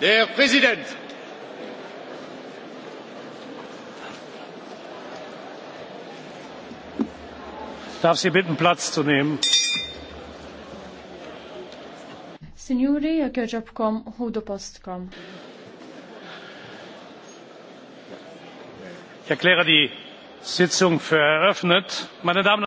Der Präsident! Ich darf Sie bitten, Platz zu nehmen. Signori, jekk joġobkom ħudu postkom. Ich erkläre die Sitzung für eröffnet. Meine Damen